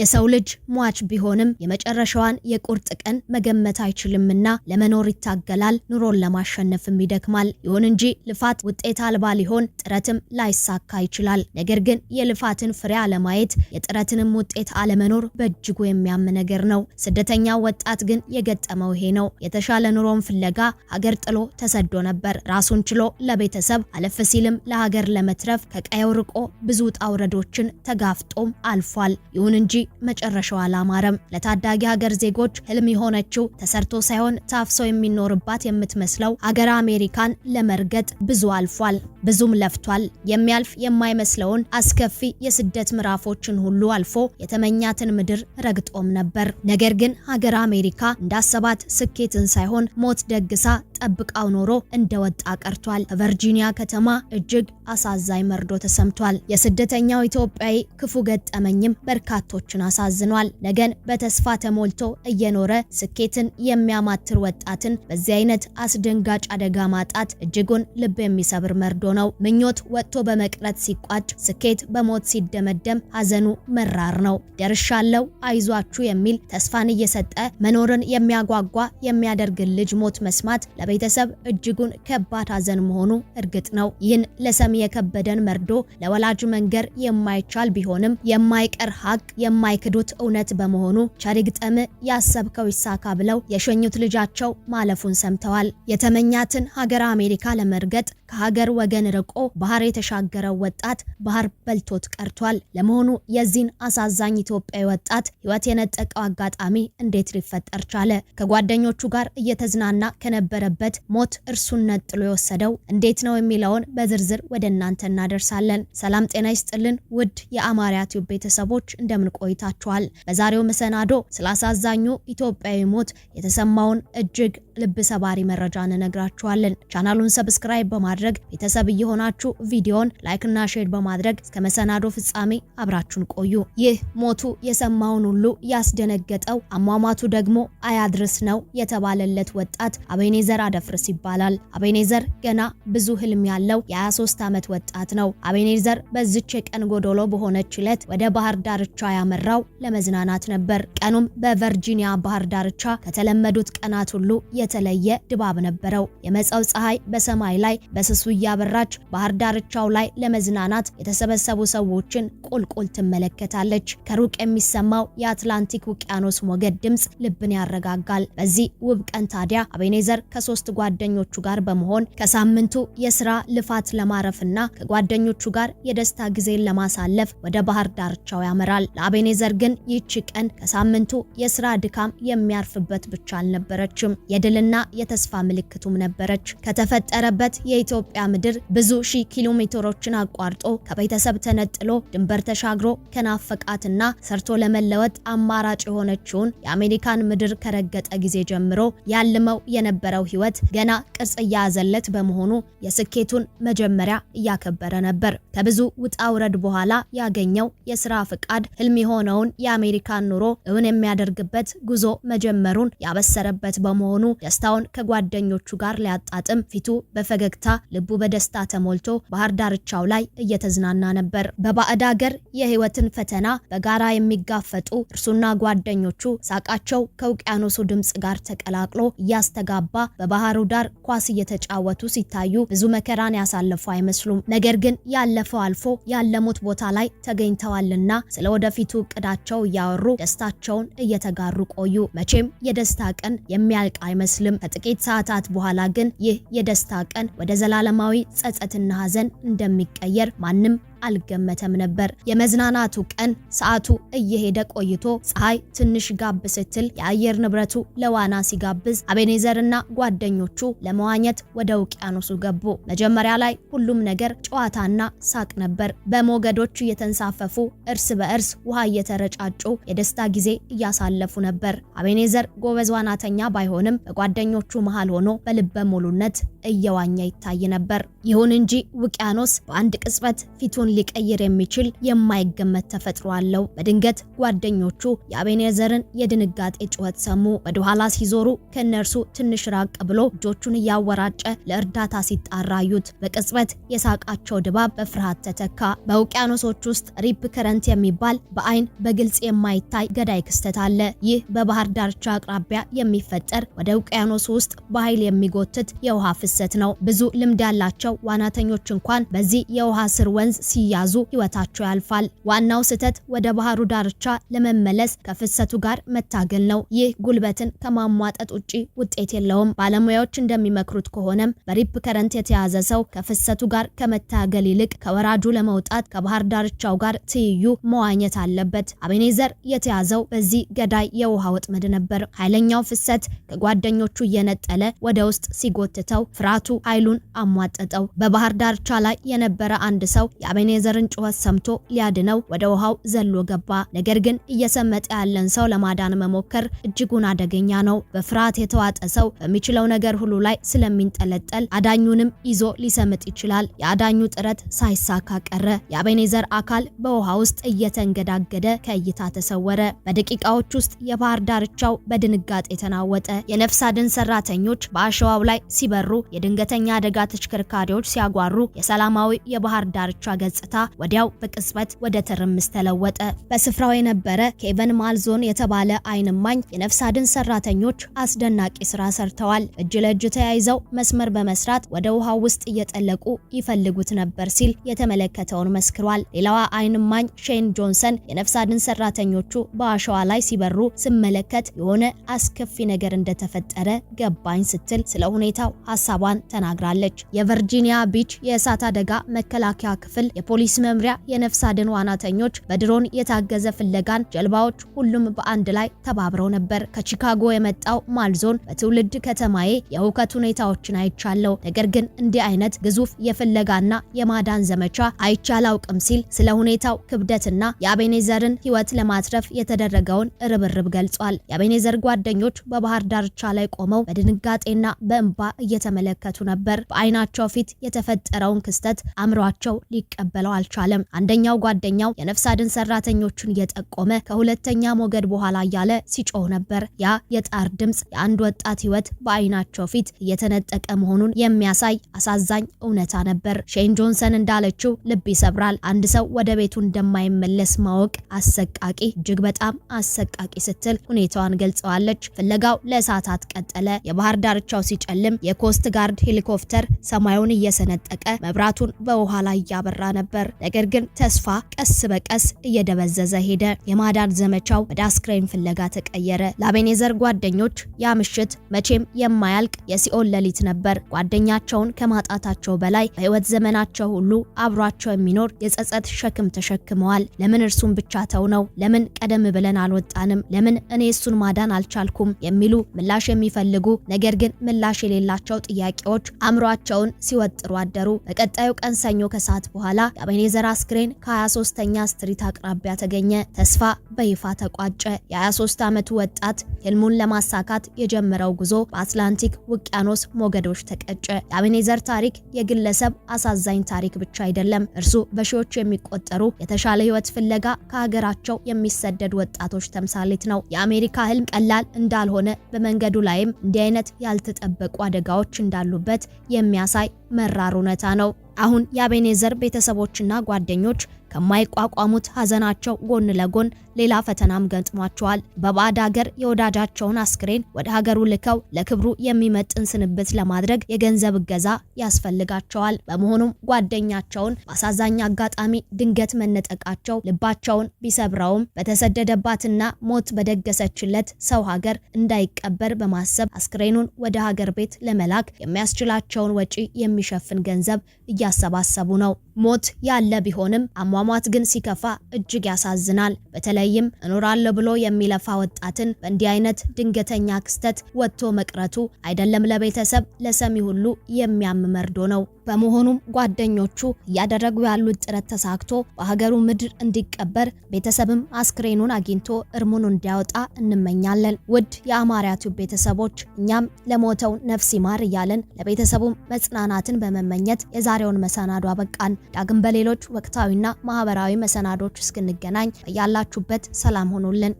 የሰው ልጅ ሟች ቢሆንም የመጨረሻዋን የቁርጥ ቀን መገመት አይችልምና ለመኖር ይታገላል፣ ኑሮን ለማሸነፍም ይደክማል። ይሁን እንጂ ልፋት ውጤት አልባ ሊሆን ጥረትም ላይሳካ ይችላል። ነገር ግን የልፋትን ፍሬ አለማየት የጥረትንም ውጤት አለመኖር በእጅጉ የሚያም ነገር ነው። ስደተኛ ወጣት ግን የገጠመው ይሄ ነው። የተሻለ ኑሮን ፍለጋ ሀገር ጥሎ ተሰዶ ነበር። ራሱን ችሎ ለቤተሰብ አለፍ ሲልም ለሀገር ለመትረፍ ከቀየው ርቆ ብዙ ውጣ ውረዶችን ተጋፍጦም አልፏል። ይሁን እንጂ መጨረሻው አላማረም። ለታዳጊ ሀገር ዜጎች ህልም የሆነችው ተሰርቶ ሳይሆን ታፍሶ የሚኖርባት የምትመስለው አገር አሜሪካን ለመርገጥ ብዙ አልፏል፣ ብዙም ለፍቷል። የሚያልፍ የማይመስለውን አስከፊ የስደት ምዕራፎችን ሁሉ አልፎ የተመኛትን ምድር ረግጦም ነበር። ነገር ግን ሀገር አሜሪካ እንዳሰባት ስኬትን ሳይሆን ሞት ደግሳ ጠብቃው ኖሮ እንደወጣ ቀርቷል። ቨርጂኒያ ከተማ እጅግ አሳዛኝ መርዶ ተሰምቷል። የስደተኛው ኢትዮጵያዊ ክፉ ገጠመኝም በርካቶችን አሳዝኗል። ነገን በተስፋ ተሞልቶ እየኖረ ስኬትን የሚያማትር ወጣትን በዚህ አይነት አስደንጋጭ አደጋ ማጣት እጅጉን ልብ የሚሰብር መርዶ ነው። ምኞት ወጥቶ በመቅረት ሲቋጭ፣ ስኬት በሞት ሲደመደም ሀዘኑ መራር ነው። ደርሻለው አይዟችሁ የሚል ተስፋን እየሰጠ መኖርን የሚያጓጓ የሚያደርግን ልጅ ሞት መስማት ቤተሰብ እጅጉን ከባድ ሐዘን መሆኑ እርግጥ ነው። ይህን ለሰሚ የከበደን መርዶ ለወላጅ መንገር የማይቻል ቢሆንም የማይቀር ሀቅ የማይክዱት እውነት በመሆኑ ቸሪግጠም ያሰብከው ይሳካ ብለው የሸኙት ልጃቸው ማለፉን ሰምተዋል። የተመኛትን ሀገር አሜሪካ ለመርገጥ ከሀገር ወገን ርቆ ባህር የተሻገረው ወጣት ባህር በልቶት ቀርቷል። ለመሆኑ የዚህን አሳዛኝ ኢትዮጵያዊ ወጣት ሕይወት የነጠቀው አጋጣሚ እንዴት ሊፈጠር ቻለ? ከጓደኞቹ ጋር እየተዝናና ከነበረበት ሞት እርሱን ነጥሎ የወሰደው እንዴት ነው የሚለውን በዝርዝር ወደ እናንተ እናደርሳለን። ሰላም ጤና ይስጥልን ውድ የአማርያ ቲዩብ ቤተሰቦች እንደምን ቆይታችኋል? በዛሬው መሰናዶ ስለ አሳዛኙ ኢትዮጵያዊ ሞት የተሰማውን እጅግ ልብ ሰባሪ መረጃ እንነግራችኋለን። ቻናሉን ሰብስክራይብ በማድረግ በማድረግ ቤተሰብ እየሆናችሁ ቪዲዮን ላይክና ሼር በማድረግ እስከ መሰናዶ ፍጻሜ አብራችሁን ቆዩ። ይህ ሞቱ የሰማውን ሁሉ ያስደነገጠው አሟሟቱ ደግሞ አያድርስ ነው የተባለለት ወጣት አቤኔዘር አደፍርስ ይባላል። አቤኔዘር ገና ብዙ ህልም ያለው የ23 ዓመት ወጣት ነው። አቤኔዘር በዚች የቀን ጎዶሎ በሆነች ዕለት ወደ ባህር ዳርቻ ያመራው ለመዝናናት ነበር። ቀኑም በቨርጂኒያ ባህር ዳርቻ ከተለመዱት ቀናት ሁሉ የተለየ ድባብ ነበረው። የመጸው ፀሐይ በሰማይ ላይ በስ ስሱ እያበራች ባህር ዳርቻው ላይ ለመዝናናት የተሰበሰቡ ሰዎችን ቁልቁል ትመለከታለች። ከሩቅ የሚሰማው የአትላንቲክ ውቅያኖስ ሞገድ ድምፅ ልብን ያረጋጋል። በዚህ ውብ ቀን ታዲያ አቤኔዘር ከሶስት ጓደኞቹ ጋር በመሆን ከሳምንቱ የስራ ልፋት ለማረፍና ከጓደኞቹ ጋር የደስታ ጊዜን ለማሳለፍ ወደ ባህር ዳርቻው ያመራል። ለአቤኔዘር ግን ይህች ቀን ከሳምንቱ የስራ ድካም የሚያርፍበት ብቻ አልነበረችም፣ የድልና የተስፋ ምልክቱም ነበረች። ከተፈጠረበት የኢትዮ በኢትዮጵያ ምድር ብዙ ሺህ ኪሎ ሜትሮችን አቋርጦ ከቤተሰብ ተነጥሎ ድንበር ተሻግሮ ከናፈቃትና ሰርቶ ለመለወጥ አማራጭ የሆነችውን የአሜሪካን ምድር ከረገጠ ጊዜ ጀምሮ ያልመው የነበረው ህይወት ገና ቅርጽ እያያዘለት በመሆኑ የስኬቱን መጀመሪያ እያከበረ ነበር። ከብዙ ውጣ ውረድ በኋላ ያገኘው የስራ ፍቃድ ህልም የሆነውን የአሜሪካን ኑሮ እውን የሚያደርግበት ጉዞ መጀመሩን ያበሰረበት በመሆኑ ደስታውን ከጓደኞቹ ጋር ሊያጣጥም ፊቱ በፈገግታ ልቡ በደስታ ተሞልቶ ባህር ዳርቻው ላይ እየተዝናና ነበር። በባዕድ አገር የህይወትን ፈተና በጋራ የሚጋፈጡ እርሱና ጓደኞቹ ሳቃቸው ከውቅያኖሱ ድምጽ ጋር ተቀላቅሎ እያስተጋባ በባህሩ ዳር ኳስ እየተጫወቱ ሲታዩ ብዙ መከራን ያሳለፉ አይመስሉም። ነገር ግን ያለፈው አልፎ ያለሙት ቦታ ላይ ተገኝተዋልና ስለ ወደፊቱ እቅዳቸው እያወሩ ደስታቸውን እየተጋሩ ቆዩ። መቼም የደስታ ቀን የሚያልቅ አይመስልም። ከጥቂት ሰዓታት በኋላ ግን ይህ የደስታ ቀን ወደ ዘላ ዘላለማዊ ጸጸትና ሐዘን እንደሚቀየር ማንም አልገመተም ነበር። የመዝናናቱ ቀን ሰዓቱ እየሄደ ቆይቶ ፀሐይ ትንሽ ጋብ ስትል የአየር ንብረቱ ለዋና ሲጋብዝ አቤኔዘርና ጓደኞቹ ለመዋኘት ወደ ውቅያኖሱ ገቡ። መጀመሪያ ላይ ሁሉም ነገር ጨዋታና ሳቅ ነበር። በሞገዶች እየተንሳፈፉ እርስ በእርስ ውሃ እየተረጫጩ የደስታ ጊዜ እያሳለፉ ነበር። አቤኔዘር ጎበዝ ዋናተኛ ባይሆንም በጓደኞቹ መሃል ሆኖ በልበ ሙሉነት እየዋኘ ይታይ ነበር። ይሁን እንጂ ውቅያኖስ በአንድ ቅጽበት ፊቱን ህይወቱን ሊቀይር የሚችል የማይገመት ተፈጥሮ አለው። በድንገት ጓደኞቹ የአቤኔዘርን የድንጋጤ ጩኸት ሰሙ። ወደኋላ ሲዞሩ ከእነርሱ ትንሽ ራቅ ብሎ እጆቹን እያወራጨ ለእርዳታ ሲጣራ አዩት። በቅጽበት የሳቃቸው ድባብ በፍርሃት ተተካ። በውቅያኖሶች ውስጥ ሪፕ ከረንት የሚባል በአይን በግልጽ የማይታይ ገዳይ ክስተት አለ። ይህ በባህር ዳርቻ አቅራቢያ የሚፈጠር ወደ ውቅያኖስ ውስጥ በኃይል የሚጎትት የውሃ ፍሰት ነው። ብዙ ልምድ ያላቸው ዋናተኞች እንኳን በዚህ የውሃ ስር ወንዝ ሲ ሲያዙ ህይወታቸው ያልፋል። ዋናው ስህተት ወደ ባህሩ ዳርቻ ለመመለስ ከፍሰቱ ጋር መታገል ነው። ይህ ጉልበትን ከማሟጠጥ ውጪ ውጤት የለውም። ባለሙያዎች እንደሚመክሩት ከሆነም በሪፕ ከረንት የተያዘ ሰው ከፍሰቱ ጋር ከመታገል ይልቅ ከወራጁ ለመውጣት ከባህር ዳርቻው ጋር ትይዩ መዋኘት አለበት። አቤኔዘር የተያዘው በዚህ ገዳይ የውሃ ወጥመድ ነበር። ኃይለኛው ፍሰት ከጓደኞቹ እየነጠለ ወደ ውስጥ ሲጎትተው ፍርሃቱ ኃይሉን አሟጠጠው። በባህር ዳርቻ ላይ የነበረ አንድ ሰው የአቤኔ የኔዘርን ጩኸት ሰምቶ ሊያድነው ወደ ውሃው ዘሎ ገባ። ነገር ግን እየሰመጠ ያለን ሰው ለማዳን መሞከር እጅጉን አደገኛ ነው። በፍርሃት የተዋጠ ሰው በሚችለው ነገር ሁሉ ላይ ስለሚንጠለጠል አዳኙንም ይዞ ሊሰምጥ ይችላል። የአዳኙ ጥረት ሳይሳካ ቀረ። የአቤኔዘር አካል በውሃ ውስጥ እየተንገዳገደ ከእይታ ተሰወረ። በደቂቃዎች ውስጥ የባህር ዳርቻው በድንጋጤ ተናወጠ። የነፍስ አድን ሰራተኞች በአሸዋው ላይ ሲበሩ፣ የድንገተኛ አደጋ ተሽከርካሪዎች ሲያጓሩ፣ የሰላማዊ የባህር ዳርቻ ገ ገጽታ ወዲያው በቅጽበት ወደ ትርምስ ተለወጠ። በስፍራው የነበረ ኬቨን ማልዞን የተባለ አይንማኝ የነፍስ አድን ሰራተኞች አስደናቂ ስራ ሰርተዋል። እጅ ለእጅ ተያይዘው መስመር በመስራት ወደ ውሃው ውስጥ እየጠለቁ ይፈልጉት ነበር ሲል የተመለከተውን መስክሯል። ሌላዋ አይንማኝ ሼን ጆንሰን የነፍስ አድን ሰራተኞቹ በአሸዋ ላይ ሲበሩ ስመለከት የሆነ አስከፊ ነገር እንደተፈጠረ ገባኝ ስትል ስለ ሁኔታው ሀሳቧን ተናግራለች። የቨርጂኒያ ቢች የእሳት አደጋ መከላከያ ክፍል የፖሊስ መምሪያ የነፍስ አድን ዋናተኞች በድሮን የታገዘ ፍለጋን ጀልባዎች ሁሉም በአንድ ላይ ተባብረው ነበር። ከቺካጎ የመጣው ማልዞን በትውልድ ከተማዬ የእውከት ሁኔታዎችን አይቻለው፣ ነገር ግን እንዲህ አይነት ግዙፍ የፍለጋና የማዳን ዘመቻ አይቻላውቅም ሲል ስለ ሁኔታው ክብደትና የአቤኔዘርን ሕይወት ለማትረፍ የተደረገውን ርብርብ ገልጿል። የአቤኔዘር ጓደኞች በባህር ዳርቻ ላይ ቆመው በድንጋጤና በእንባ እየተመለከቱ ነበር። በአይናቸው ፊት የተፈጠረውን ክስተት አእምሯቸው ሊቀበል ሊቀበለው አልቻለም። አንደኛው ጓደኛው የነፍስ አድን ሰራተኞቹን እየጠቆመ ከሁለተኛ ሞገድ በኋላ እያለ ሲጮህ ነበር። ያ የጣር ድምፅ የአንድ ወጣት ህይወት በአይናቸው ፊት እየተነጠቀ መሆኑን የሚያሳይ አሳዛኝ እውነታ ነበር። ሼን ጆንሰን እንዳለችው ልብ ይሰብራል። አንድ ሰው ወደ ቤቱ እንደማይመለስ ማወቅ አሰቃቂ፣ እጅግ በጣም አሰቃቂ ስትል ሁኔታዋን ገልጸዋለች። ፍለጋው ለእሳታት ቀጠለ። የባህር ዳርቻው ሲጨልም የኮስት ጋርድ ሄሊኮፕተር ሰማዩን እየሰነጠቀ መብራቱን በውሃ ላይ እያበራ ነበር። ነበር። ነገር ግን ተስፋ ቀስ በቀስ እየደበዘዘ ሄደ። የማዳን ዘመቻው ወደ አስክሬን ፍለጋ ተቀየረ። ለአቤኔዘር ጓደኞች ያ ምሽት መቼም የማያልቅ የሲኦል ሌሊት ነበር። ጓደኛቸውን ከማጣታቸው በላይ በህይወት ዘመናቸው ሁሉ አብሯቸው የሚኖር የጸጸት ሸክም ተሸክመዋል። ለምን እርሱን ብቻ ተው ነው? ለምን ቀደም ብለን አልወጣንም? ለምን እኔ እሱን ማዳን አልቻልኩም? የሚሉ ምላሽ የሚፈልጉ ነገር ግን ምላሽ የሌላቸው ጥያቄዎች አእምሯቸውን ሲወጥሩ አደሩ። በቀጣዩ ቀን ሰኞ ከሰዓት በኋላ የአቤኔዘር አስክሬን ከ23ኛ ስትሪት አቅራቢያ ተገኘ። ተስፋ በይፋ ተቋጨ። የ23 ዓመቱ ወጣት ህልሙን ለማሳካት የጀመረው ጉዞ በአትላንቲክ ውቅያኖስ ሞገዶች ተቀጨ። የአቤኔዘር ታሪክ የግለሰብ አሳዛኝ ታሪክ ብቻ አይደለም። እርሱ በሺዎች የሚቆጠሩ የተሻለ ህይወት ፍለጋ ከሀገራቸው የሚሰደዱ ወጣቶች ተምሳሌት ነው። የአሜሪካ ህልም ቀላል እንዳልሆነ፣ በመንገዱ ላይም እንዲህ አይነት ያልተጠበቁ አደጋዎች እንዳሉበት የሚያሳይ መራር እውነታ ነው። አሁን የአቤኔዘር ቤተሰቦችና ጓደኞች ከማይቋቋሙት ሀዘናቸው ጎን ለጎን ሌላ ፈተናም ገጥሟቸዋል። በባዕድ ሀገር የወዳጃቸውን አስክሬን ወደ ሀገሩ ልከው ለክብሩ የሚመጥን ስንብት ለማድረግ የገንዘብ እገዛ ያስፈልጋቸዋል። በመሆኑም ጓደኛቸውን በአሳዛኝ አጋጣሚ ድንገት መነጠቃቸው ልባቸውን ቢሰብረውም በተሰደደባትና ሞት በደገሰችለት ሰው ሀገር እንዳይቀበር በማሰብ አስክሬኑን ወደ ሀገር ቤት ለመላክ የሚያስችላቸውን ወጪ የሚሸፍን ገንዘብ እያሰባሰቡ ነው። ሞት ያለ ቢሆንም አሟሟት ግን ሲከፋ እጅግ ያሳዝናል። በተለይም እኖራለሁ ብሎ የሚለፋ ወጣትን በእንዲህ አይነት ድንገተኛ ክስተት ወጥቶ መቅረቱ አይደለም ለቤተሰብ ለሰሚ ሁሉ የሚያም መርዶ ነው። በመሆኑም ጓደኞቹ እያደረጉ ያሉት ጥረት ተሳክቶ በሀገሩ ምድር እንዲቀበር ቤተሰብም አስክሬኑን አግኝቶ እርሙን እንዲያወጣ እንመኛለን። ውድ የአማርያቱ ቤተሰቦች እኛም ለሞተው ነፍስ ይማር እያለን ለቤተሰቡም መጽናናትን በመመኘት የዛሬውን መሰናዶ አበቃን። ዳግም በሌሎች ወቅታዊና ማህበራዊ መሰናዶች እስክንገናኝ ያላችሁበት ሰላም ሆኖልን